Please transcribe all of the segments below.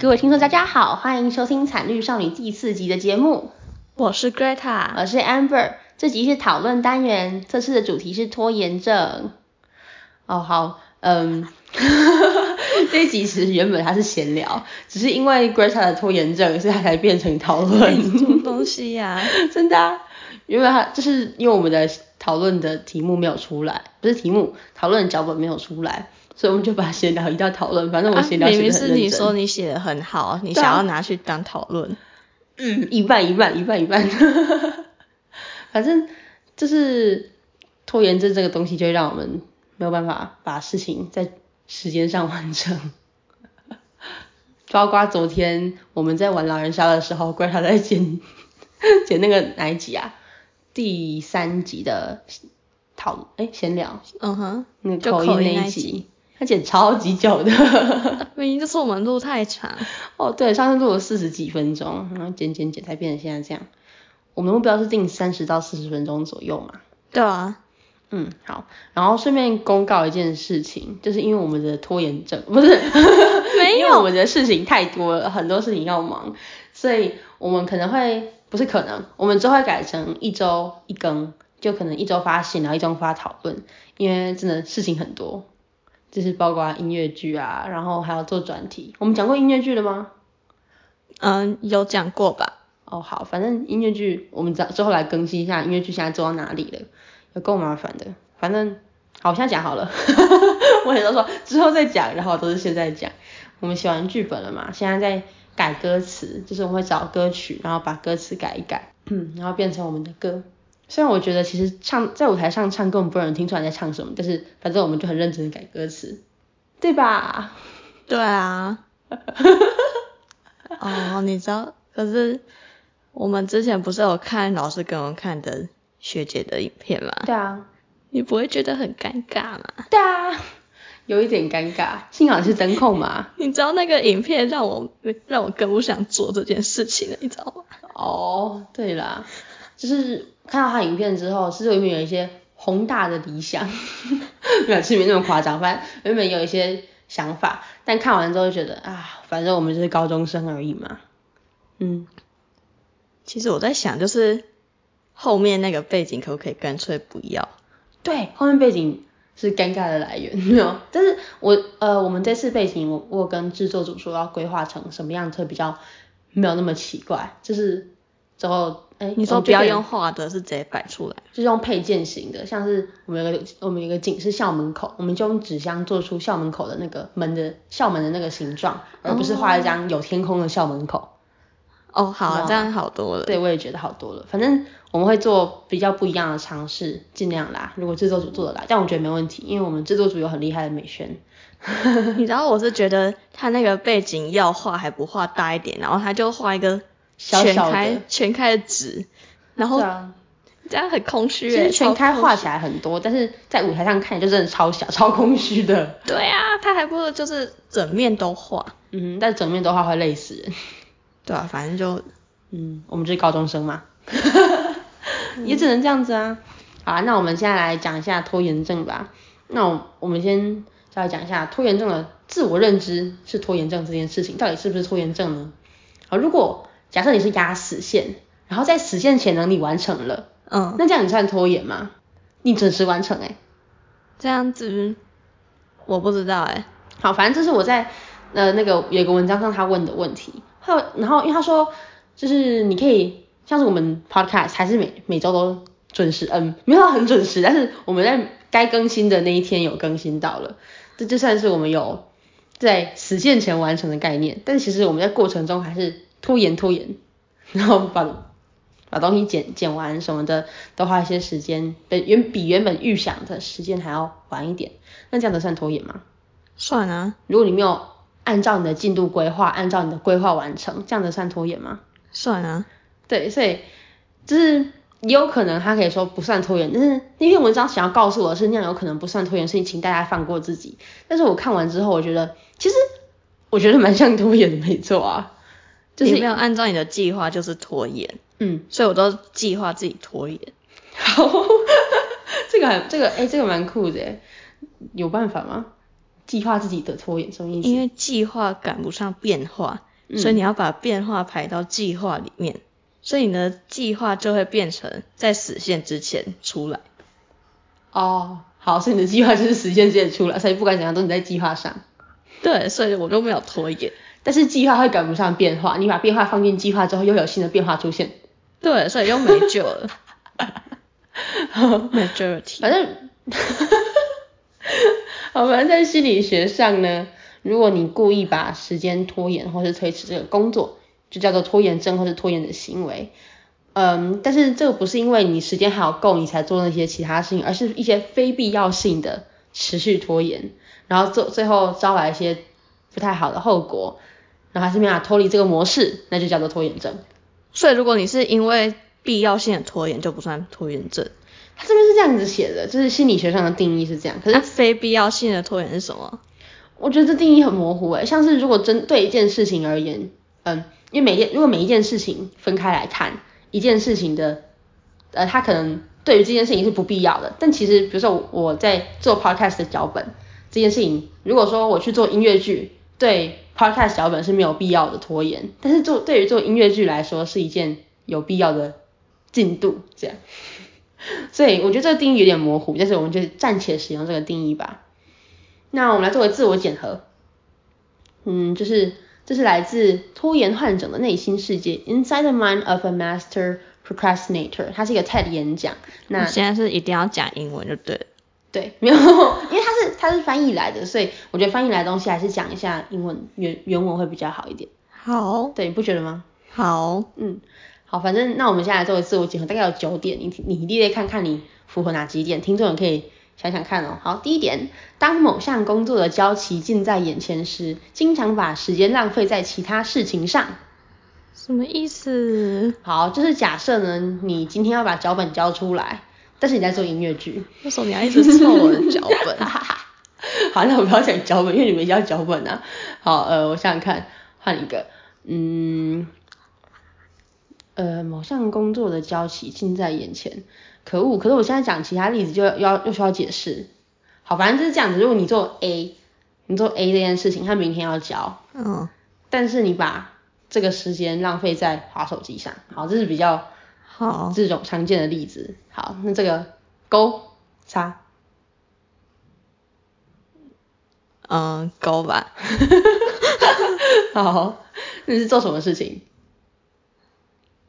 各位聽眾，大家好，歡迎收聽《慘綠少女》第四集的節目。我是 Greta，我是 Amber。這集是討論單元，這次的主題是拖延症。哦，好，嗯， 這一集其實原本它是閒聊， 只是因為 Greta 的拖延症，所以它才變成討論。 這種東西呀、啊？ 真的、啊？因為它就是因為我們的討論的題目沒有出來，不是題目，討論的腳本沒有出來。所以我們就把閒聊移到討論，反正我閒聊寫的很認真、啊、明明是你說你寫的很好、啊，你想要拿去當討論。嗯，一半一半一半一半，一半一半 反正就是拖延症這個東西，就會讓我們沒有辦法把事情在時間上完成。 包括昨天我們在玩狼人殺的時候，怪他在剪剪那個哪一集啊？第三集的討論，哎、欸，閒聊。Uh-huh, 嗯哼，那口音那一集。它剪超級久的，原 因就是我們錄太長。哦，對，上次錄了四十幾分鐘，然後剪剪剪，剪才變成現在這樣。我們目標是定三十到四十分鐘左右嘛？對啊，嗯，好。然後順便公告一件事情，就是因為我們的拖延症，不是 沒有，因為我們的事情太多了，很多事情要忙，所以我們可能會不是可能，我們之後會改成一周一更，就可能一周發信，然後一周發討論，因為真的事情很多。就是包括音樂劇啊，然後還有做專題。我們講過音樂劇了嗎？嗯，有講過吧。哦，好，反正音樂劇，我們之之後來更新一下音樂劇現在做到哪裡了，有夠麻煩的。反正好像講好了。 我也都說之後再講，然後都是現在講。我們寫完劇本了嘛，現在在改歌詞，就是我們會找歌曲，然後把歌詞改一改，然後變成我們的歌。雖然我覺得其實唱，在舞台上唱歌，我們不能聽出來在唱什麼，但是反正我們就很認真的改歌詞，對吧？對啊。哦、 oh,，你知道，可是我們之前不是有看老師給我們看的學姐的影片嗎？對啊。你不會覺得很尷尬嗎？對啊。有一點尷尬，幸好是燈控嘛。 你知道那個影片讓我讓我更不想做這件事情了，你知道嗎？哦、oh,，對啦，就是。看到他影片之後，其實原本有一些宏大的理想， 沒有其實沒那麼誇張， 反正原本有一些想法，但看完之後覺得啊，反正我們就是高中生而已嘛。嗯，其實我在想，就是後面那個背景可不可以乾脆不要？對，後面背景是尷尬的來源，沒有。 但是我呃，我們這次背景，我我跟製作組說要規劃成什麼樣，會比較沒有那麼奇怪，嗯、就是。之後，哎、欸，你說不要用畫的，是直接擺出來？就是用配件型的，像是我們有個我們有個景是校門口，我們就用紙箱做出校門口的那個門的校門的那個形狀，而不是畫一張有天空的校門口。哦，哦好、啊，這樣好多了。對，我也覺得好多了。反正我們會做比較不一樣的嘗試，盡量啦。如果製作組做得來，但我覺得沒問題，因為我們製作組有很厲害的美宣。 你知道我是覺得他那個背景要畫還不畫大一點， 然後他就畫一個。小開小的全開的紙，然後、啊、這樣很空虛，其實全開畫起來很多，但是在舞台上看也就真的超小，超空虛的。對啊，他還不如就是整嗯、是整面都畫。嗯，但整面都畫會累死人。對啊，反正就嗯，我們是高中生嘛， 也只能這樣子啊、 嗯。好啊，那我們現在來講一下拖延症吧。那我們先再來講一下拖延症的自我認知是拖延症這件事情，到底是不是拖延症呢？好，如果假設你是壓死線，然後在死線前能你完成了，嗯，那這樣你算拖延嗎？你準時完成、欸，誒這樣子我不知道、欸，誒好，反正這是我在呃那個有個文章上他問的問題，後然後因為他說就是你可以像是我們 podcast 還是每每周都準時，嗯，沒有很準時，但是我們在該更新的那一天有更新到了，這就算是我們有在死線前完成的概念，但其實我們在過程中還是。拖延拖延，然後把把東西剪剪完什麼的都花一些時間，本原比原本預想的時間還要晚一點。那這樣子算拖延嗎？算啊。如果你沒有按照你的進度規劃，按照你的規劃完成，這樣子算拖延嗎？算啊。對，所以就是也有可能他可以說不算拖延，但是那篇文章想要告訴我的是那樣有可能不算拖延，所以請大家放過自己。但是我看完之後，我覺得其實我覺得蠻像拖延的，沒錯啊。就是沒有按照你的計劃，就是拖延。嗯，所以我都計劃自己拖延。好，嗯， 這個還、欸、這個誒這個蠻酷的。有辦法嗎？計劃自己的拖延什麼、這個、意思？因為計劃趕不上變化，嗯，所以你要把變化排到計劃裡面，所以你的計劃就會變成在死線之前出來。哦，好，所以你的計劃就是死線之前出來，所以不管怎樣都是你在計劃上。對，所以我都沒有拖延。 但是計劃會趕不上變化，你把變化放進計劃之後，又有新的變化出現。對，所以又沒救了 ，majority 反正，我們在心理學上呢，如果你故意把時間拖延或是推遲這個工作，就叫做拖延症或是拖延的行為。嗯，但是這個不是因為你時間還有夠你才做那些其他事情，而是一些非必要性的持續拖延，然後最最後招來一些。不太好的後果，然後還是沒辦法脫離這個模式，那就叫做拖延症。所以如果你是因為必要性的拖延，就不算拖延症。他這邊是這樣子寫的，就是心理學上的定義是這樣。可是、啊、非必要性的拖延是什麼？我覺得這定義很模糊誒。像是如果針對一件事情而言，嗯、呃，因為每一件如果每一件事情分開來看，一件事情的，呃，他可能對於這件事情是不必要的。但其實比如說我在做 podcast 的腳本這件事情，如果說我去做音樂劇。對 podcast 小本是沒有必要的拖延，但是做對於做音樂劇來說是一件有必要的進度，這樣。 所以我覺得這個定義有點模糊，但是我們就暫且使用這個定義吧。那我們來做個自我檢核，嗯，就是這是來自拖延患者的內心世界 Inside the Mind of a Master Procrastinator，它是一個 TED 演講。那我現在是一定要講英文就對了。對，沒有，因為它是 它是翻譯來的，所以我覺得翻譯來的東西還是講一下英文原原文會比較好一點。好，對，你不覺得嗎？好，嗯，好，反正那我們現在來做一個自我檢核，大概有九點，你你一定得看看你符合哪幾點，聽眾也可以想想看哦。好，第一點，當某項工作的交期近在眼前時，經常把時間浪費在其他事情上。什麼意思？好，就是假設呢，你今天要把腳本交出來。但是你在做音樂劇，為什麼你還一直抄我的腳本？ 好，那我不要講腳本，因為你們也要腳本啊。好，呃，我想想看，換一個，嗯，呃，某項工作的交期近在眼前，可惡！可是我現在講其他例子就要又需要解釋。好，反正就是這樣子。如果你做 A，你做 A 這件事情，他明天要交，嗯，但是你把這個時間浪費在滑手機上，好，這是比較。好，這種常見的例子。好，那這個勾叉，嗯，勾吧。 好，那是做什麼事情？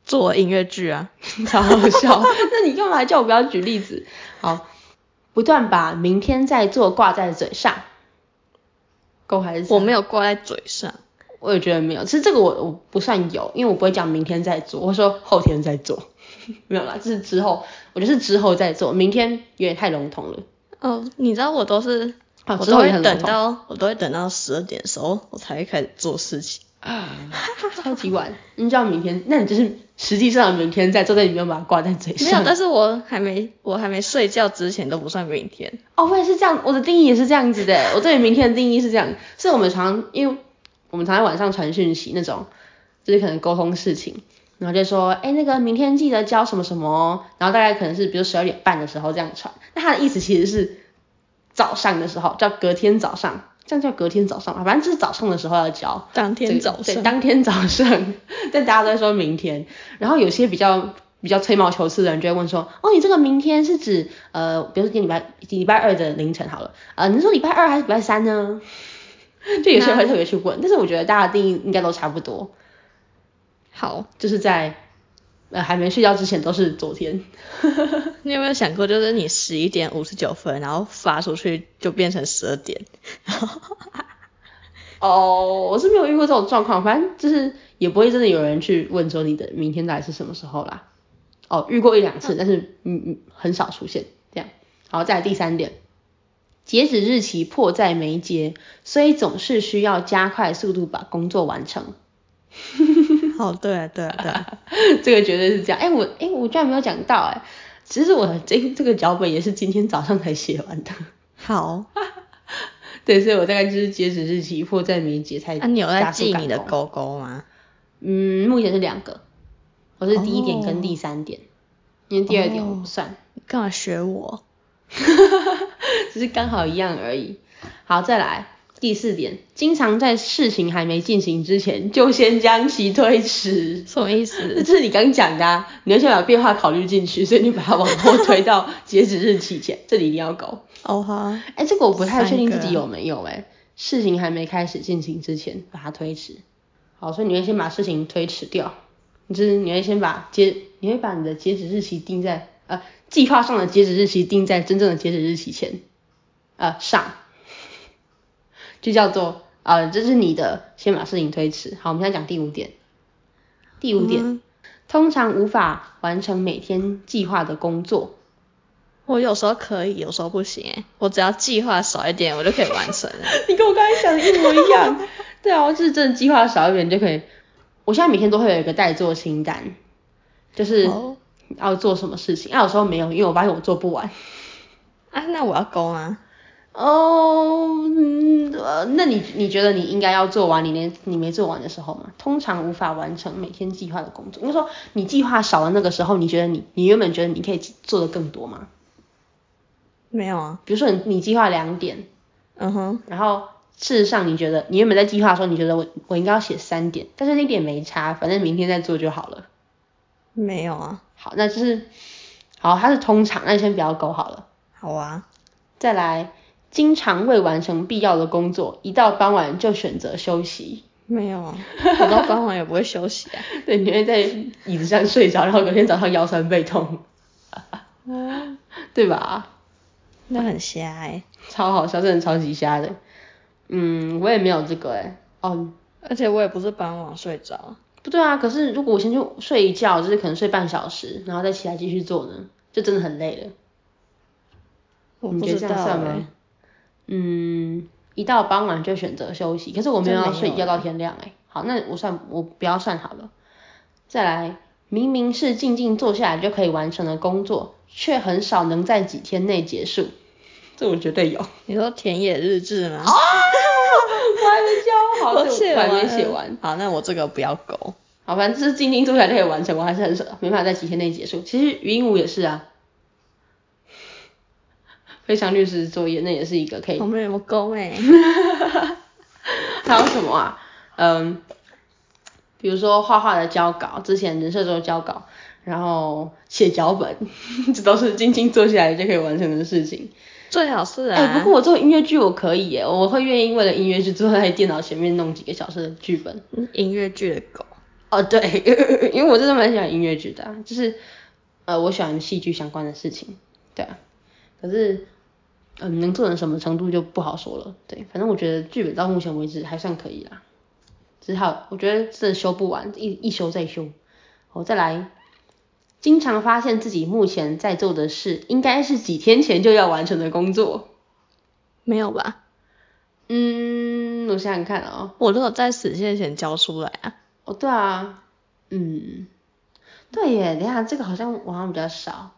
做音樂劇啊，好 好笑。 那你幹嘛叫我不要舉例子？好， 不斷把明天再做掛在嘴上，勾還是？我沒有掛在嘴上，我也覺得沒有。其實這個我我不算有，因為我不會講明天再做，我說後天再做。 沒有啦，就是之後，我就是之後再做。明天有點太籠統了。哦，你知道我都是，我都會等到，我都會等到十二 點的時候，我才會開始做事情。啊、 嗯，超級晚！你知道明天，那你就是實際上明天在坐在裡面把它掛在嘴上。沒有，但是我還沒，我還沒睡覺之前都不算明天。 哦，我也是這樣，我的定義也是這樣子的。我對明天的定義是這樣，是我們常因為我們常在晚上傳訊息那種，就是可能溝通事情。然後就說，哎、欸，那個明天記得交什麼什麼、哦。然後大概可能是，比如十二點半的時候這樣傳。那他的意思其實是早上的時候，叫隔天早上，這樣叫隔天早上嘛，反正就是早上的時候要交。當天早上，對，當天早上。 但大家都在說明天。然後有些比較比較吹毛求疵的人就會問說，哦，你這個明天是指呃，比如說今天禮拜禮拜二的凌晨好了，呃，你說禮拜二還是禮拜三呢？就有些人會特別去問，但是我覺得大家定義應該都差不多。好，就是在呃還沒睡覺之前都是昨天。呵呵呵，你有沒有想過，就是你十一點五十九分然後發出去就變成十二點？ 哦，我是沒有遇過這種狀況，反正就是也不會真的有人去問說你的明天到底是什麼時候啦。哦，遇過一兩次、嗯，但是嗯嗯很少出現這樣。好，再來第三點，截止日期迫在眉睫，所以總是需要加快速度把工作完成。呵 呵哦、oh, 啊、對、啊、對、啊、對、啊， 這個絕對是這樣。哎，我哎，我居然沒有講到哎、欸。其實我這這個腳本也是今天早上才寫完的。好。 對，所以我大概就是截止日期迫在眉睫才、啊。你你有在記你的勾勾嗎？嗯，目前是兩個。我是第一點跟第三點，oh. 因為第二點我不算。Oh. 你幹嘛學我？哈哈哈哈哈，只是剛好一樣而已。好，再來。第四點，經常在事情還沒進行之前，就先將其推遲。什麼意思？這是你剛講的、啊，你會先把變化考慮進去，所以你把它往後推到截止日期前， 這裡一定要搞。哦哈，哎，這個我不太確定自己有沒有哎、欸。事情還沒開始進行之前，把它推遲。好，所以你會先把事情推遲掉，就是你會先把結，你會把你的截止日期定在呃計劃上的截止日期定在真正的截止日期前，呃上。就叫做，呃，這是你的，先把事情推遲。好，我們現在講第五點。第五點，嗯、通常無法完成每天計劃的工作。我有時候可以，有時候不行。我只要計劃少一點，我就可以完成。 你跟我剛才講的一模一樣。 對啊，我、就是真的計劃少一點就可以。我現在每天都會有一個待做清單，就是要做什麼事情。那、啊、有時候沒有，因為我發現我做不完。啊，那我要勾嗎、啊？哦，呃，那你你覺得你應該要做完？你連你沒做完的時候嗎？通常無法完成每天計劃的工作。你、就是、說你計劃少了那個時候，你覺得你你原本覺得你可以做的更多嗎？沒有啊。比如說你你計劃兩點，嗯哼、uh-huh，然後事實上你覺得你原本在計劃的時候，你覺得我我應該要寫三點，但是那點沒差，反正明天再做就好了。沒有啊。好，那就是，好，它是通常，那你先不要勾好了。好啊。再來。經常未完成必要的工作，一到傍晚就選擇休息。沒有，等到傍晚也不會休息啊。 對，你會在椅子上睡着，然後隔天早上腰酸背痛， 對吧？那很瞎誒、欸、超好笑，真的超級瞎的。嗯，我也沒有這個誒、欸、哦。而且我也不是傍晚睡着。不對啊，可是如果我先去睡一覺，就是可能睡半小時，然後再起來繼續做呢，就真的很累了。我不知道你覺得這樣算嗯，一到傍晚就選擇休息，可是我沒有要睡，要到天亮誒、欸、好，那我算我不要算好了。再來，明明是靜靜坐下來就可以完成的工作，卻很少能在幾天內結束。這我絕對有。嗯、你說田野日誌嗎？啊， 我還沒交，好我快點寫完。好，那我這個不要勾。好吧，反正這是靜靜坐下來就可以完成，我還是很少，沒辦法在幾天內結束。其實雲舞也是啊。非常律師的作業那也是一個可以我、欸。我們有個工哎。還有什麼啊？嗯，比如說畫畫的交稿，之前人設做交稿，然後寫腳本，這 都是靜靜坐下來就可以完成的事情。最好是啊，欸、不過我做音樂劇我可以耶、欸，我會願意為了音樂劇坐在電腦前面弄幾個小時的劇本。音樂劇的狗。哦對，因為我真的蠻喜歡音樂劇的、啊，就是呃我喜歡戲劇相關的事情，對啊，可是。嗯，能做成什麼程度就不好說了。對，反正我覺得劇本到目前為止還算可以啦。只好，我覺得這修不完，一一修再修。我再來。經常發現自己目前在做的事，應該是幾天前就要完成的工作。沒有吧？嗯，我想想看哦、喔。我都有在死之前交出來啊。哦，對啊。嗯。對耶，等下這個好像網上比較少。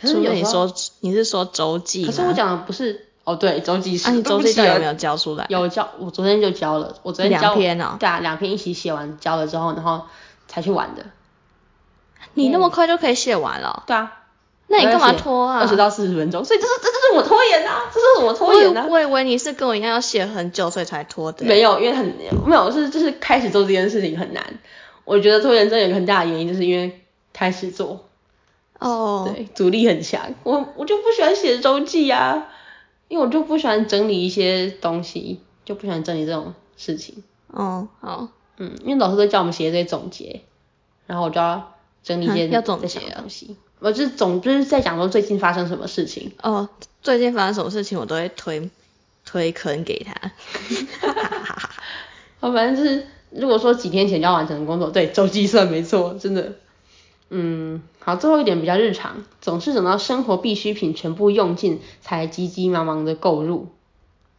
可是你說是你是說週記，可是我講的不是哦，喔、對，週記是。啊、你週記有沒有交出來？啊、有交，我昨天就交了。我昨天兩篇哦、喔。對啊，兩篇一起寫完交了之後，然後才去玩的。你那麼快就可以寫完了、喔嗯？對啊。那你幹嘛拖啊？二十到四十分鐘，所以這是這這是我拖延吶，這是我拖延吶、啊啊。我以為你是跟我一樣要寫很久，所以才拖的。沒有，因為很沒有，是就是開始做這件事情很難。我覺得拖延症有一個很大的原因，就是因為開始做。哦、oh.，對，oh. 阻力很強。我我就不喜歡寫周記啊，因為我就不喜歡整理一些東西，就不喜歡整理這種事情。哦、oh.，好，嗯，因為老師都叫我們寫這些總結，然後我就要整理一些、嗯、要總結的、啊、東西。我就是總就是在講說最近發生什麼事情。哦、oh.，最近發生什麼事情我都會推推可能給他。哈哈哈哈哈我反正就是，如果說幾天前就要完成的工作，對，周記算沒錯，真的，嗯。好，最後一點比較日常，總是等到生活必需品全部用盡，才急急忙忙的購入。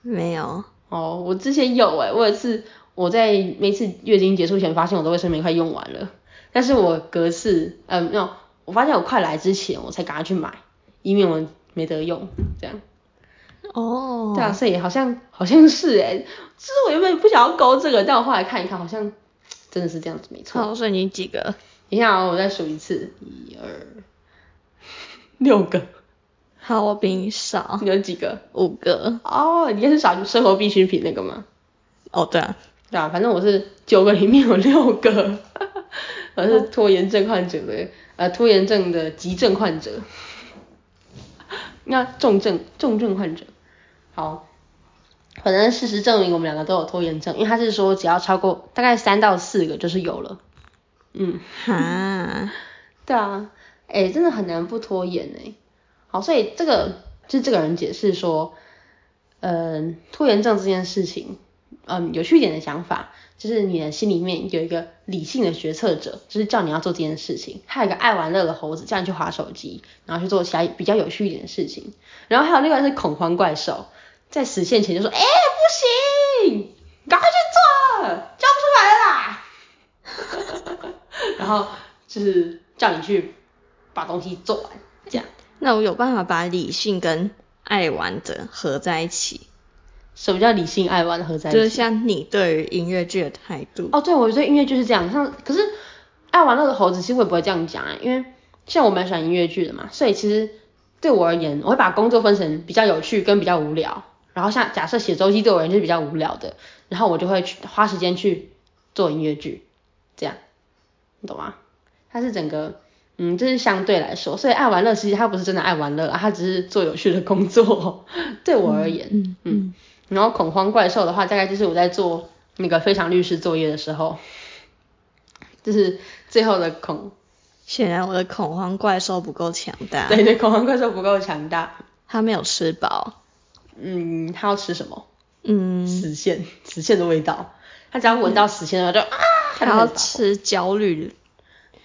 沒有哦，我之前有誒、欸、我也是，我在每次月經結束前，發現我的衛生棉快用完了，但是我隔次，嗯，沒有，我發現我快來之前，我才趕快去買，以免我沒得用，這樣。哦、oh.，對啊，所以好像好像是誒，其實我原本不想要勾這個，但我後來看一看，好像真的是這樣子，沒錯。好，所以你幾個？你好、哦，我再數一次，一二六個。好，我比你少。你有幾個？五個。哦，你應該是少，生活必需品那個嗎？哦，對啊，對啊，反正我是九個裡面有六個， 我是拖延症患者的、哦，呃，拖延症的急症患者， 那重症重症患者。好，反正事實證明我們兩個都有拖延症，因為他是說只要超過大概三到四個就是有了。嗯哈，對啊，哎、欸，真的很難不拖延哎、欸。好，所以這個就是這個人解釋說，嗯拖延症這件事情，嗯，有趣一點的想法就是你的心裡面有一個理性的決策者，就是叫你要做這件事情；還有一個愛玩樂的猴子叫你去滑手機，然後去做其他比較有趣一點的事情。然後還有另外一個是恐慌怪獸，在死線前就說，哎、欸，不行，趕快去做，交不出來啦。 然後就是叫你去把東西做完，這樣。那我有辦法把理性跟愛玩的合在一起？什麼叫理性愛玩的合在一起？就是像你對於音樂劇的態度。哦，對，我對音樂劇是這樣。像可是愛玩樂的猴子其實會不會這樣講啊，因為像我蠻喜歡音樂劇的嘛，所以其實對我而言，我會把工作分成比較有趣跟比較無聊。然後像假設寫週記對我而言就是比較無聊的，然後我就會去花時間去做音樂劇。你懂嗎？它是整個，嗯，就是相對來說，所以愛玩樂，其實他不是真的愛玩樂，他只是做有趣的工作。嗯、對我而言，嗯，嗯，然後恐慌怪獸的話，大概就是我在做那個非常律師作業的時候，就是最後的恐，顯然我的恐慌怪獸不夠強大。對對，恐慌怪獸不夠強大，他沒有吃飽。嗯，他要吃什麼？嗯，實現實現的味道。他只要聞到死線的話，就啊！他、嗯、要吃焦慮，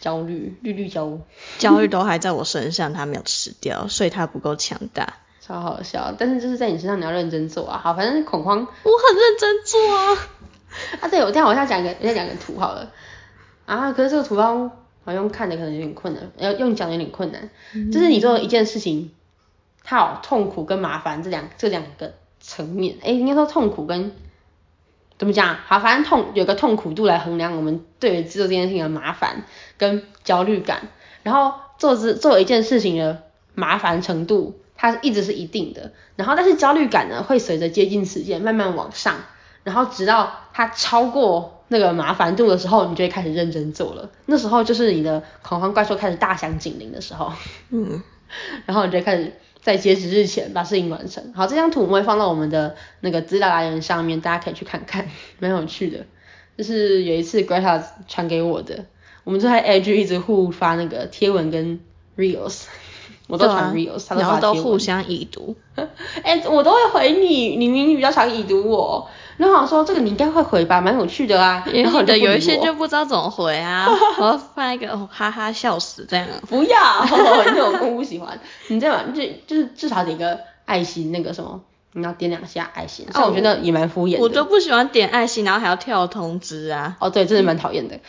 焦慮綠綠焦，焦慮都還在我身上，他、嗯、沒有吃掉，所以他不夠強大。超好笑，但是就是在你身上，你要認真做啊。好，反正恐慌，我很認真做啊。 啊，對，我待會我再講一個，再講一個圖好了。啊，可是這個圖方好像看的可能有點困難，要用講有點困難。嗯、就是你做的一件事情，它有痛苦跟麻煩這兩這兩個層面。哎、欸，應該說痛苦跟。怎麼講、啊？好、啊，反正痛有個痛苦度來衡量我們對於作這件事情的麻煩跟焦慮感，然後做之做一件事情的麻煩程度，它一直是一定的，然後但是焦慮感呢，會隨着接近時間慢慢往上，然後直到它超過那個麻煩度的時候，你就會開始認真做了，那時候就是你的恐慌怪獸開始大響警鈴的時候，嗯，然後你就開始。在截止日前把事情完成。好，這張圖我們會放到我們的那個資料來源上面，大家可以去看看，蠻有趣的。就是有一次 Greta 傳給我的，我們就在 IG 一直互發那個貼文跟 Reels，我都傳 Reels，、啊、他都發貼文。然後都互相已讀。哎、 欸，我都會回你，你明明比較想已讀我。然後我說這個你應該會回吧，蠻有趣的啊，也有的有一些就不知道怎麼回啊，然後發一個、哦、哈哈笑死這樣，不要，因為我不喜歡， 你知道嗎？就就是至少點一個愛心那個什麼，你要點兩下愛心，像、哦啊、我覺得也蠻敷衍的我，我都不喜歡點愛心，然後還要跳通知啊，哦對，真的蠻討厭的、嗯。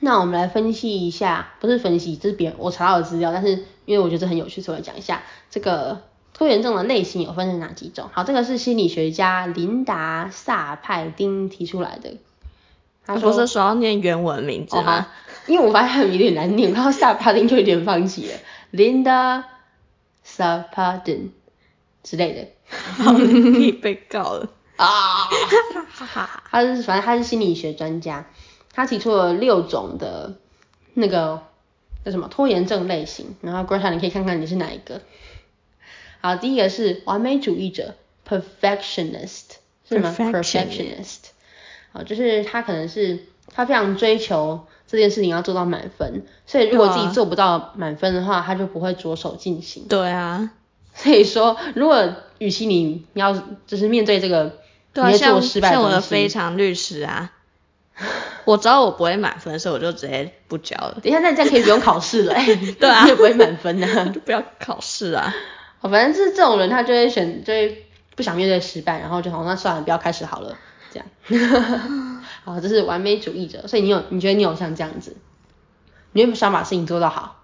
那我們來分析一下，不是分析，這是別人我查到的資料，但是因為我覺得很有趣，所以我講一下這個。拖延症的類型有分成哪幾種？好，這個是心理學家琳達·薩派丁提出來的。他說：“不是說要念原文名字嗎？哦、哈因為我發現他有點難念，然後薩派丁就有點放棄了。 ” Linda Sapadin, 之類的，好，你被告了啊！哈哈哈！他 是反正他是心理學專家，他提出了六種的那個叫什麼拖延症類型，然後 Greta 你可以看看你是哪一個。好，第一個是完美主義者 perfectionist 是嗎 perfectionist, perfectionist 好，就是他可能是他非常追求這件事情要做到滿分，所以如果自己做不到滿分的話、啊，他就不會着手進行。對啊，所以說如果與其你要就是面對這個，對、啊、你失敗分像像我的非常律師啊， 我知道我不會滿分的時候，我就直接不交了。 等一下，那你這樣可以不用考試了， 對啊， 你就不會滿分呢、啊， 就不要考試啊。反正就是這種人，他就會選，就會不想面對失敗，然後就好，那算了，不要開始好了，這樣。 好，這是完美主義者，所以你有，你覺得你有像這樣子，你有沒有想把事情做到好？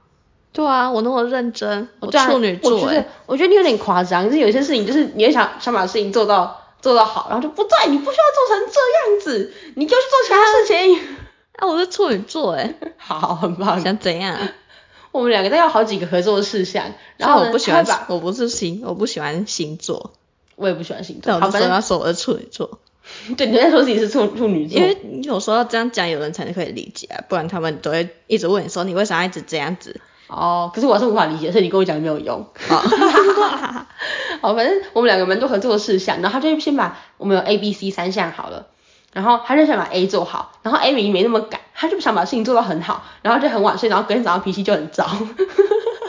對啊，我那麼認真，我處女座，我覺得、欸就是，我覺得你有點誇張，就是有些事情就是你會想想把事情做到做到好，然後就不對，你不需要做成這樣子，你就去做其他事情。那、啊啊、我是處女座，哎，好，很棒。想怎樣？我們兩個都要有好幾個合作的事項，然後我不喜歡，把我不是星，我不喜歡星座，我也不喜歡星座。那我們不要說我是處女座，對，你在說自己是處處女座，因為你有時候要這樣講，有人才能可以理解啊，不然他們都會一直問你說你為啥一直這樣子？哦，可是我是無法理解，所以你跟我講沒有用。哦、 好，反正我們兩個蠻多合作的事項，然後他就先把我們有 A B C 三項好了，然後他就想把 A 做好，然後 A 沒沒那麼趕。他就不想把事情做到很好，然後就很晚睡，然後隔天早上脾氣就很糟。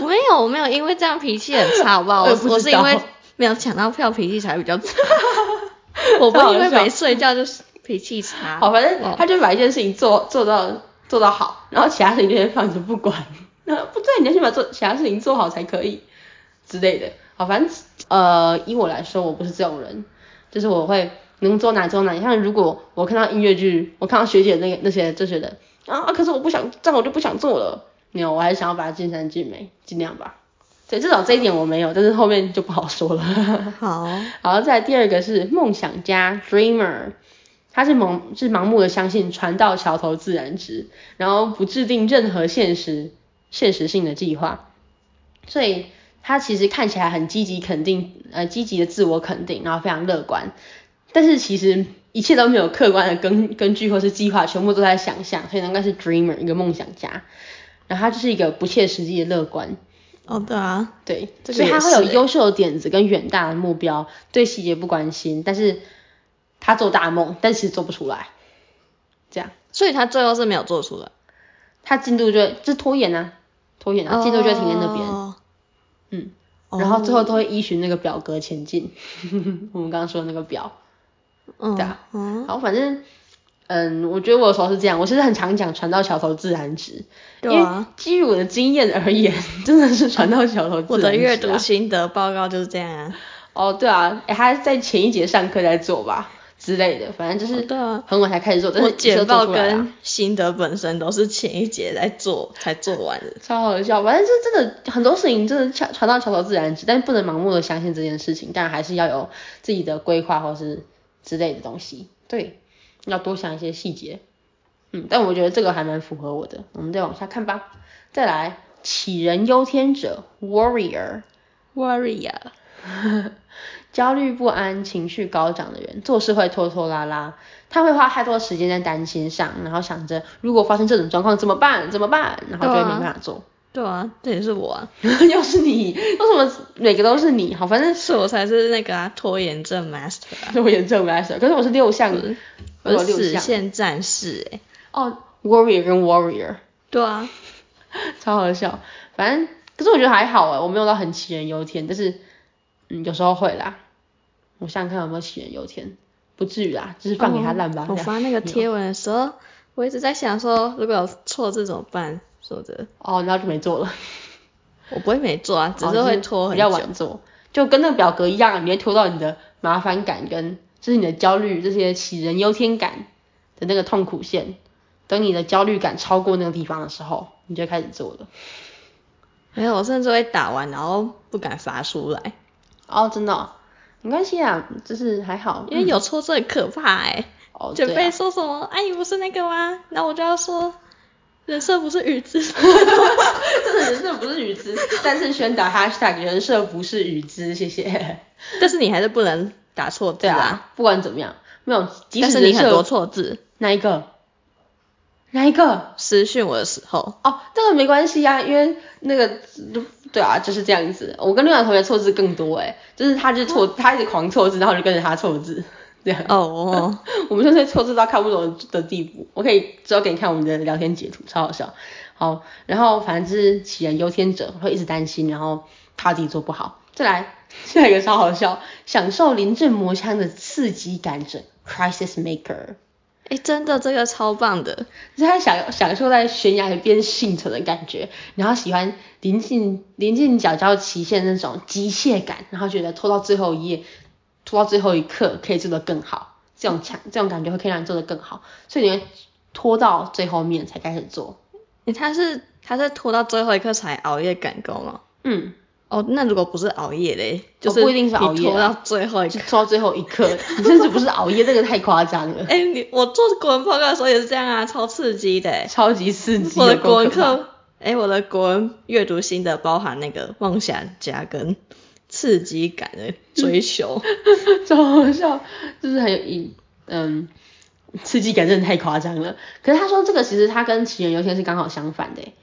沒有沒有，因為這樣脾氣很差，好不好？我不知道我是因為沒有搶到票，脾氣才比較差。 我不知道因為沒睡覺就是脾氣差。 好，反正他就把一件事情做做到做到好， 然後其他事情就放着不管。那 不對，你要先把做其他事情做好才可以之類的。好，反正呃，以我來說，我不是這種人，就是我會。能做哪做哪，像如果我看到音樂劇，我看到學姐的那個、那些這些人啊，可是我不想這樣，我就不想做了。沒有，我還是想要把它盡善盡美盡量吧。對，至少這一點我沒有，但是後面就不好說了。 好，然後再來第二個是夢想家，dreamer，他是盲是盲目的相信船到橋頭自然直，然後不制定任何現實現實性的計劃，所以他其實看起來很積極肯定，呃，積極的自我肯定，然後非常樂觀。但是其實一切都沒有客觀的根根據或是計劃，全部都在想象所以應該是 dreamer 一個夢想家，然後他就是一個不切實際的樂觀。哦，對啊對、這個這個，對，所以他會有優秀的點子跟遠大的目標，對細節不關心，但是他做大夢，但其實做不出來，這樣，所以他最後是沒有做出來，他進度就就是、拖延啊，拖延啊，進度就停在那邊，哦、嗯、哦，然後最後都會依循那個表格前進， 我們剛剛說的那個表。嗯、對啊，好，反正，嗯，我覺得我有時候是這樣，我其實很常講“船到橋頭自然直、對啊”，因為基於我的經驗而言，真的是“船到橋頭自然直” 我的閱讀心得報告就是這樣、啊。哦，對啊，還他在前一節上課在做吧之類的，反正就是對啊，很晚才開始做，哦啊、但是是做、啊、我簡報跟心得本身都是前一節在做才做完的、嗯。超好笑，反正這真的很多事情，真的“船船到橋頭自然直”，但是不能盲目的相信這件事情，當然還是要有自己的規劃或是。之類的東西，對，要多想一些細節，嗯，但我覺得這個還蠻符合我的。我們再往下看吧，再來，杞人憂天者，Warrior，Warrior，Warrior 焦慮不安、情緒高漲的人，做事會拖拖拉拉，他會花太多時間在擔心上，然後想着如果發生這種狀況怎麼辦？怎麼辦？然後就沒辦法做。對啊，這也是我。啊。要是你，為什麼每個都是你？好，反正是我才是那個、啊、拖延症 master，啊。拖延症 master。可是我是六項、嗯，我是死線戰士哎、欸。哦，warrior 跟 warrior。對啊， 超好笑。反正，可是我覺得還好啊。我沒有到很杞人憂天，但是，嗯，有時候會啦。我想想看有沒有杞人憂天，不至於啦，就是放給他爛吧。哦、我發那個貼文的時候，我一直在想說，如果有錯字怎麼辦？說着，哦，然後就沒做了。 我不會沒做啊，只是會拖很久，做、哦就是比較晚做。就跟那個表格一樣，你會拖到你的麻煩感跟就是你的焦慮，這些杞人憂天感的那個痛苦線。等你的焦慮感超過那個地方的時候，嗯、你就開始做了。沒有，我甚至會打完然後不敢發出來。哦，真的、哦？沒關係啊，就是還好，因為有錯這很可怕哎、嗯。哦，對、啊。準備說什麼？阿、哎、姨不是那個嗎？那我就要說。人設不是雨之，哈哈哈。真的，人設不是雨之， 但是宣打 hashtag 人設不是雨之，謝謝。 但是你還是不能打錯字啊。對啊，不管怎麼樣，沒有，即使但是你很多錯字，哪一個？哪一個？私訊我的時候，哦，這個沒關係啊，因為那個，對啊，就是這樣子。我跟另外同學錯字更多誒，就是他就錯、嗯，他一直狂錯字，然後就跟着他錯字。對哦， oh, oh, oh. 我們現在錯字到看不懂的地步，我可以之後給你看我們的聊天截圖，超好笑。好，然後反正杞人憂天者會一直擔心，然後怕自己做不好。再來，下一個超好笑， 享受臨陣磨槍的刺激感者，crisis maker。誒真的這個超棒的，就是他享享受在懸崖邊倖存的感覺，然後喜歡臨近臨近繳交期限那種急切感，然後覺得拖到最後一頁。拖到最後一刻可以做得更好，這種強，這種感覺會可以讓你做得更好，所以你會拖到最後面才開始做。你、欸、他是他是拖到最後一刻才熬夜趕工嗎？嗯，哦，那如果不是熬夜嘞，就是你拖到最後一，不一定是熬夜啊、拖到最後一刻，你 甚至不是熬夜，這、那個太誇張了。哎、欸，你我做國文報告的時候也是這樣啊，超刺激的、欸，超級刺激的我的、嗯。我的國文課，哎、欸，我的國文閱讀心得包含那個妄想加根。刺激感的追求，這 好笑，就是很有意，嗯，刺激感真的太誇張了。可是他說這個其實他跟杞人憂天是剛好相反的，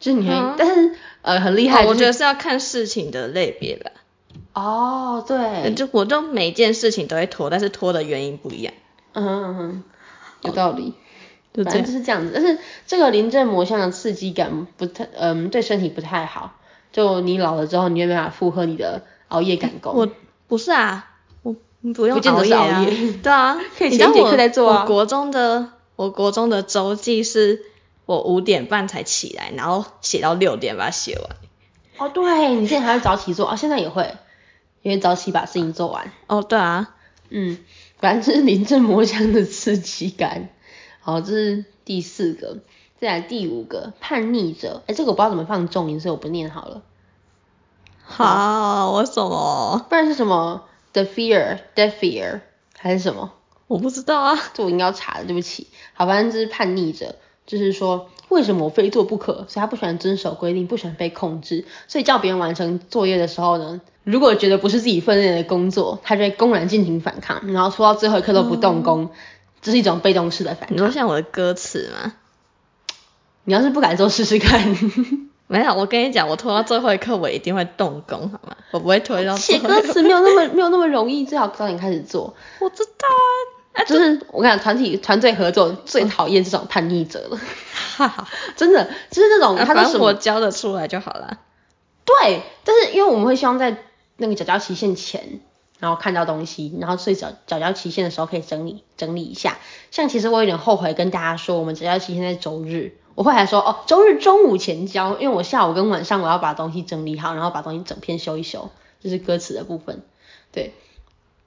就是你可以，但是呃很厲害、哦就是。我覺得是要看事情的類別了。哦，對，就我就每件事情都會拖，但是拖的原因不一樣。嗯，嗯，嗯，嗯有道理，對、哦，反正就是這樣子。樣，但是這個臨陣磨槍的刺激感不太，嗯，對身體不太好。就你老了之後，你有沒有辦法負荷你的熬夜趕工、嗯？我不是啊，我你不用熬夜、啊、不見得熬夜。 對啊，可以做、啊。你知道我，我國中的，我國中的週記是我五點半才起來，然後寫到六點把它寫完。哦，對，你現在還是早起做啊、 哦，現在也會，因為早起把事情做完。哦，對啊，嗯，反正是臨陣磨槍的刺激感。好，這是第四個。再來第五個叛逆者，誒這個我不知道怎麼放重音，所以我不念好了。好，我、哦、什麼？不然是什麼？The fear, the fear，還是什麼？我不知道啊，這我應該要查的，對不起。好，反正這是叛逆者，就是說為什麼我非做不可？所以他不喜歡遵守規定，不喜歡被控制，所以叫別人完成作業的時候呢，如果覺得不是自己份內的工作，他就會公然進行反抗，然後說到最後一刻都不動工、嗯，這是一種被動式的反抗。你說像我的歌詞嗎？你要是不敢做，試試看。沒有，我跟你講，我拖到最後一刻，我一定會動工，好嗎？我不會拖到最後一刻。寫歌詞沒有那麼沒有那麼容易，最好早點開始做。我知道啊，啊就是我跟你講，團體團隊合作最討厭這種叛逆者了。哈、啊、哈，真的，就是那種、啊、反正我交的出來就好了。對，但是因為我們會希望在那個繳交期限前，然後看到東西，然後最早繳交期限的時候可以整理整理一下。像其實我有點後悔跟大家說，我們繳交期限在周日。我會來說哦，週日中午前交，因為我下午跟晚上我要把東西整理好，然後把東西整篇修一修，就是歌詞的部分。對，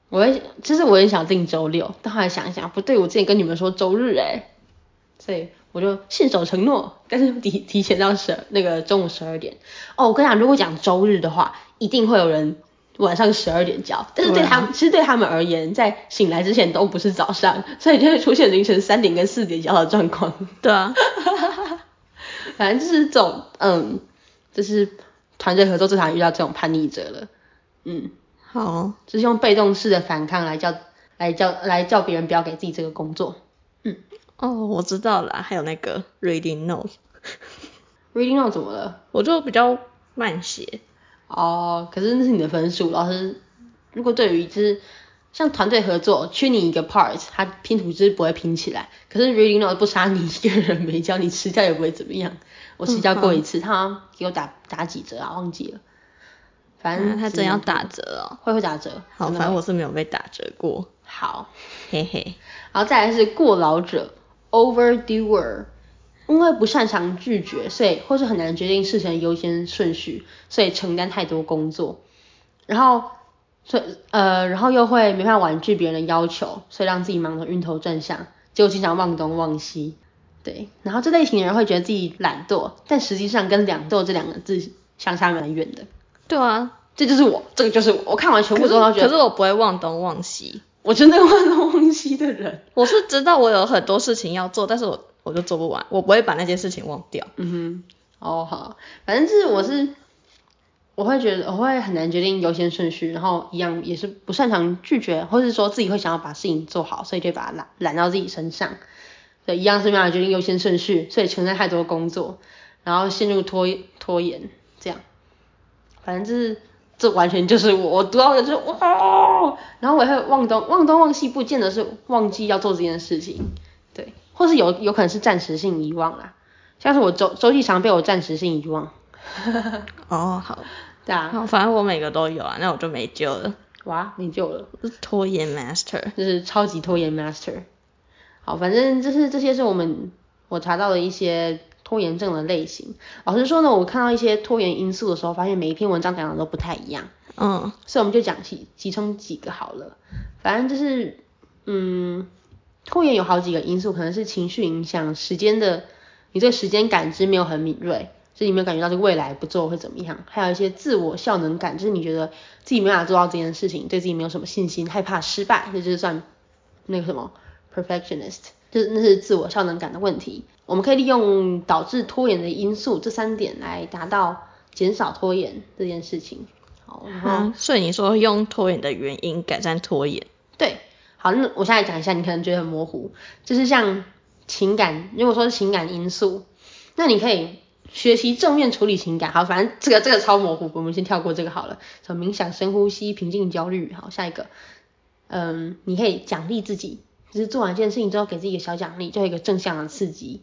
我也其實我也想定週六，但後來想一想，不對，我之前跟你們說週日誒，所以我就信守承諾，但是提提前到十二那個中午十二點。哦，我跟你講，如果講週日的話，一定會有人。晚上十二點交，但是對他們對、啊，其實對他們而言，在醒來之前都不是早上，所以就會出現凌晨三點跟四點交的狀況。對啊， 反正就是這種，嗯，就是團隊合作最常遇到這種叛逆者了。嗯，好，就是用被動式的反抗來叫，來叫，來叫別人不要給自己這個工作。嗯，哦，我知道了，還有那個 reading notes，reading notes reading 怎麼了？我就比較慢寫。哦，可是那是你的分數，老師。如果對於就是像團隊合作，缺你一個 part，他拼圖就是不會拼起來。可是 reading note 不殺你一個人，沒交你遲交也不會怎麼樣。我遲交過一次，他、嗯啊、給我打打幾折啊，忘記了。反正他真要打折啊打，會會打折。好，反正我是沒有被打折過。好，嘿 嘿。然後再來是過勞者，overdoer。Over 因為不擅長拒絕，所以或是很難決定事情的優先順序，所以承擔太多工作，然後，所以呃，然後又會沒辦法婉拒別人的要求，所以讓自己忙得暈頭轉向，結果經常忘東忘西。對，然後這類型的人會覺得自己懶惰，但實際上跟懶惰這兩個字相差蠻遠的。對啊，這就是我，這個就是我。我看完全部之後覺得可，可是我不會忘東忘西，我真的忘東忘西的人。 我是知道我有很多事情要做，但是我。我就做不完，我不會把那件事情忘掉。嗯哼，哦好，反正就是我是，我會覺得我會很難決定優先順序，然後一樣也是不擅長拒絕，或是說自己會想要把事情做好，所以就把它攬攬到自己身上。對，一樣是沒有辦法決定優先順序，所以存在太多工作，然後陷入拖延拖延這樣。反正就是這完全就是我，我讀到的、就是，就哇，然後我會忘東忘東忘西，不見得是忘記要做這件事情。或是有有可能是暫時性遺忘啦，像是我週週記常被我暫時性遺忘。哦、 oh,，好，對啊，反正我每個都有啊，那我就沒救了。哇，沒救了，是拖延 master，就是超級拖延 master。好，反正就是這些是我們我查到的一些拖延症的類型。老實說呢，我看到一些拖延因素的時候，發現每一篇文章講的都不太一樣。嗯、oh.，所以我們就講其其中幾個好了。反正就是，嗯。拖延有好幾個因素，可能是情緒影響，時間的，你對時間感知沒有很敏銳，所以你沒有感覺到這個未來不做會怎麼樣，還有一些自我效能感，就是你覺得自己沒法做到這件事情，對自己沒有什麼信心，害怕失敗，這就是算那個什麼 perfectionist，就是那是自我效能感的問題。我們可以利用導致拖延的因素這三點來達到減少拖延這件事情。好，然後，嗯，所以你說用拖延的原因改善拖延？對。好，那我現在講一下，你可能覺得很模糊，就是像情感，如果說是情感因素，那你可以學習正面處理情感。好，反正這個這個超模糊，我們先跳過這個好了。麼冥想，深呼吸，平靜焦慮。好，下一個，嗯，你可以獎勵自己，就是做完一件事情之後，給自己一個小獎勵，就有一個正向的刺激，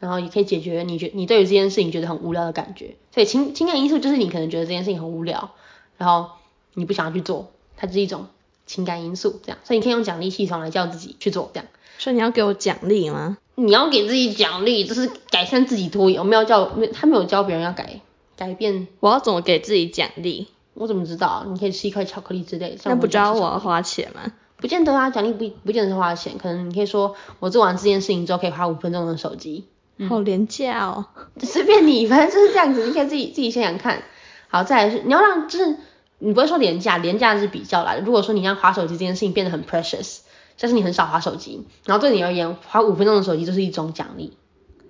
然後也可以解決你覺你對於這件事情覺得很無聊的感覺。所以情情感因素就是你可能覺得這件事情很無聊，然後你不想要去做，它是一種。情感因素，這樣，所以你可以用獎勵系統來叫自己去做，這樣。所以你要給我獎勵嗎？你要給自己獎勵，就是改善自己拖延。我們要叫沒他沒有教別人要改改變。我要怎麼給自己獎勵？我怎麼知道啊？你可以吃一塊巧克力之類的。但不知道我要花錢嗎？不見得啊，獎勵不不見得是花錢，可能你可以說我做完這件事情之後可以花五分鐘的手機，嗯。好廉價哦。隨便你，反正就是這樣子，你可以自己自己想想看。好，再來是你要讓就是。你不會說廉價，廉價是比較的啦。如果說你讓滑手機這件事情變得很 precious，但是你很少滑手機，然後對你而言，滑五分鐘的手機就是一種獎勵。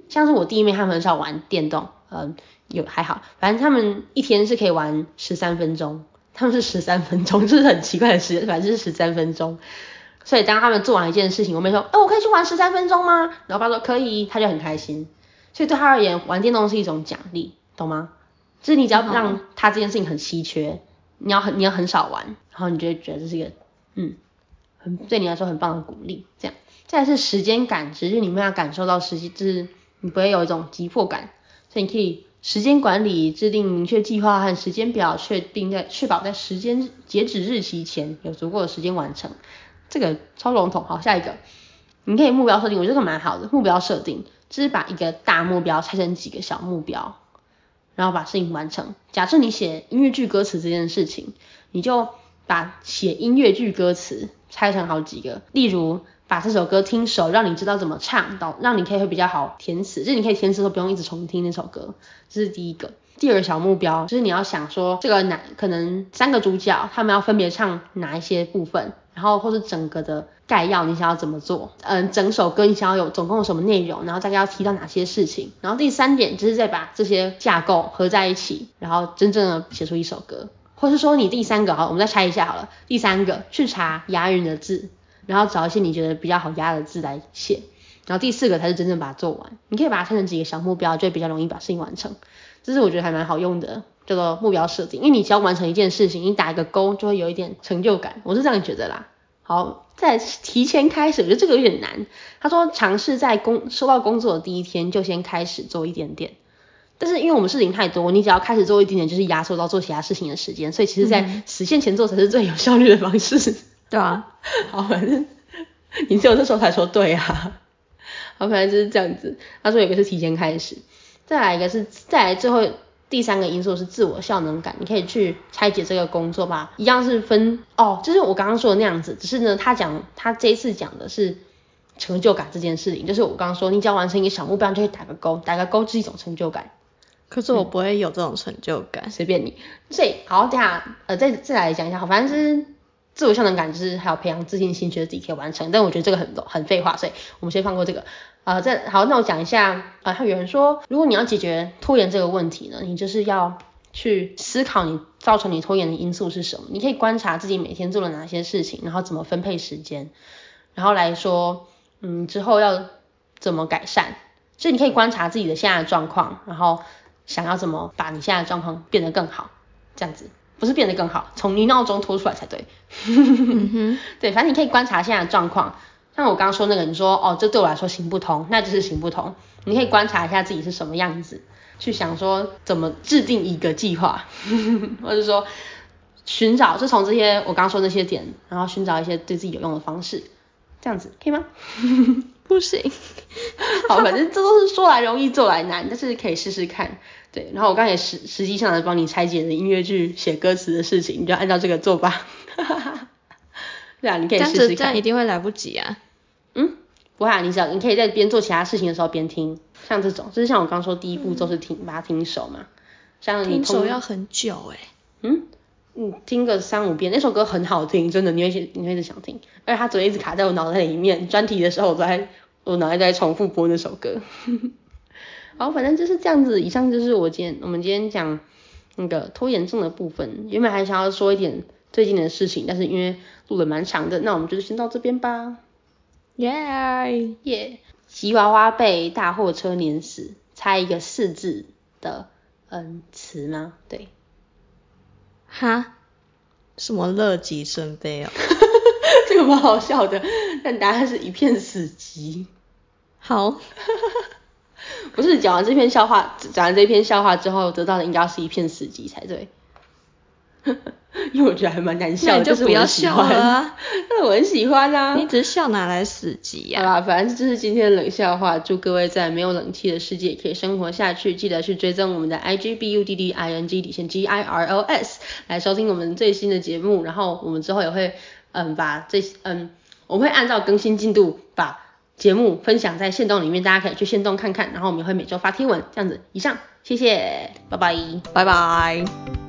像是我弟妹他們很少玩電動，嗯、呃，有還好，反正他們一天是可以玩十三分鐘，他們是十三分鐘，這、就是很奇怪的時間，反正就是十三分鐘。所以當他們做完一件事情，我妹說，哎、欸，我可以去玩十三分鐘嗎？然後爸說可以，他就很開心。所以對他而言，玩電動是一種獎勵，懂嗎？就是你只要讓他這件事情很稀缺。你要很，你要很少玩，然後你就覺得這是一個，嗯，很對你來說很棒的鼓勵，這樣。再來是時間感知，就是你們要感受到時間，就是你不會有一種急迫感，所以你可以時間管理，制定明確計劃和時間表，確定在確保在時間截止日期前有足夠的時間完成。這個超籠統。好，下一個，你可以目標設定，我覺得這個蠻好的。目標設定就是把一個大目標拆成幾個小目標。然後把事情完成。假設你寫音樂劇歌詞這件事情，你就把寫音樂劇歌詞拆成好幾個。例如，把這首歌聽熟，讓你知道怎麼唱，到讓你可以會比較好填詞，就是你可以填詞都不用一直重聽那首歌。這是第一個。第二個小目標，就是你要想說，這個男可能三個主角他們要分別唱哪一些部分。然後，或是整個的概要，你想要怎麼做？嗯、呃，整首歌你想要有總共有什麼內容？然後大概要提到哪些事情？然後第三點就是再把這些架構合在一起，然後真正的寫出一首歌。或是說你第三個，好，我們再拆一下好了。第三個，去查押韻的字，然後找一些你覺得比較好押的字來寫。然後第四個才是真正把它做完。你可以把它拆成幾個小目標，就會比較容易把事情完成。這是我覺得還蠻好用的，叫做目標設定。因為你只要完成一件事情，你打一個勾，就會有一點成就感。我是這樣覺得啦。好，在提前開始，我覺得這個有點難。他說嘗試在工收到工作的第一天就先開始做一點點，但是因為我們事情太多，你只要開始做一點點，就是壓縮到做其他事情的時間，所以其實在時限前做才是最有效率的方式。嗯、對啊， 好，反正你只有這時候才說對啊。好，反正就是這樣子。他說有個是提前開始，再來一個是，再來最後第三個因素是自我效能感。你可以去拆解這個工作吧，一樣是分哦，就是我剛剛說的那樣子。只是呢，他講他這一次講的是成就感這件事情，就是我剛剛說，你只要完成一個小目標，就可以打個勾，打個勾是一種成就感。可是我不會有這種成就感，嗯，隨便你。所以好，等一下呃，再再來講一下，好，反正是。自我效能感就是還有培養自信心，覺得自己可以完成。但我覺得這個很很廢話，所以我們先放過這個。啊、呃，再好，那我講一下啊。有、呃、有人說，如果你要解決拖延這個問題呢，你就是要去思考你造成你拖延的因素是什麼。你可以觀察自己每天做了哪些事情，然後怎麼分配時間，然後來說，嗯，之後要怎麼改善。就你可以觀察自己的現在的狀況，然後想要怎麼把你現在的狀況變得更好，這樣子。不是變得更好，從泥淖中拖出來才對。 對，反正你可以觀察現在的狀況。像我剛剛說那個人說，哦，這對我來說行不通，那就是行不通。你可以觀察一下自己是什麼樣子，去想說怎麼制定一個計劃，或者說尋找，就從這些我剛剛說那些點，然後尋找一些對自己有用的方式，這樣子可以嗎？ 不行。好，反正這都是說來容易做來難， 但是可以試試看。對，然後我剛才也實實際上來幫你拆解了音樂劇寫歌詞的事情，你就按照這個做吧。哈哈。對啊，你可以試試看。這樣一定會來不及啊。嗯，不會、啊，你只要你可以在邊做其他事情的時候邊聽，像這種，就是像我剛，剛說第一步就是聽、嗯，把它聽熟嘛。像你聽熟要很久哎。嗯，你聽個三五遍，那首歌很好聽，真的，你會你會一直想聽，而且它昨天一直卡在我腦袋裡面。嗯、專題的時候我都，我在我腦袋在重複播那首歌。 好，反正就是這樣子。以上就是我今天我們今天講那個拖延症的部分。原本還想要說一點最近的事情，但是因為錄了蠻長的，那我們就先到這邊吧。耶、yeah, 耶、yeah！吉娃娃被大貨車碾死，猜一個四字的嗯詞嗎？對，哈？什麼樂極生悲啊？ 這個蠻好笑的，但答案是一片死寂。好。 不是講完這篇笑話，講完這篇笑話之後得到的應該是一片死寂才對。 因為我覺得還蠻難笑，你就,是就是不要笑啊。那我很喜歡啊，你只是笑哪來死寂呀？好吧，反正這是今天的冷笑話，祝各位在沒有冷氣的世界可以生活下去。記得去追蹤我們的 I G B U D D I N G 底線 GIRLS 來收聽我們最新的節目，然後我們之後也會嗯把這嗯我們會按照更新進度。節目分享在限動裡面，大家可以去限動看看。然後我們也會每周發貼文，這樣子。以上，謝謝，拜拜，拜拜。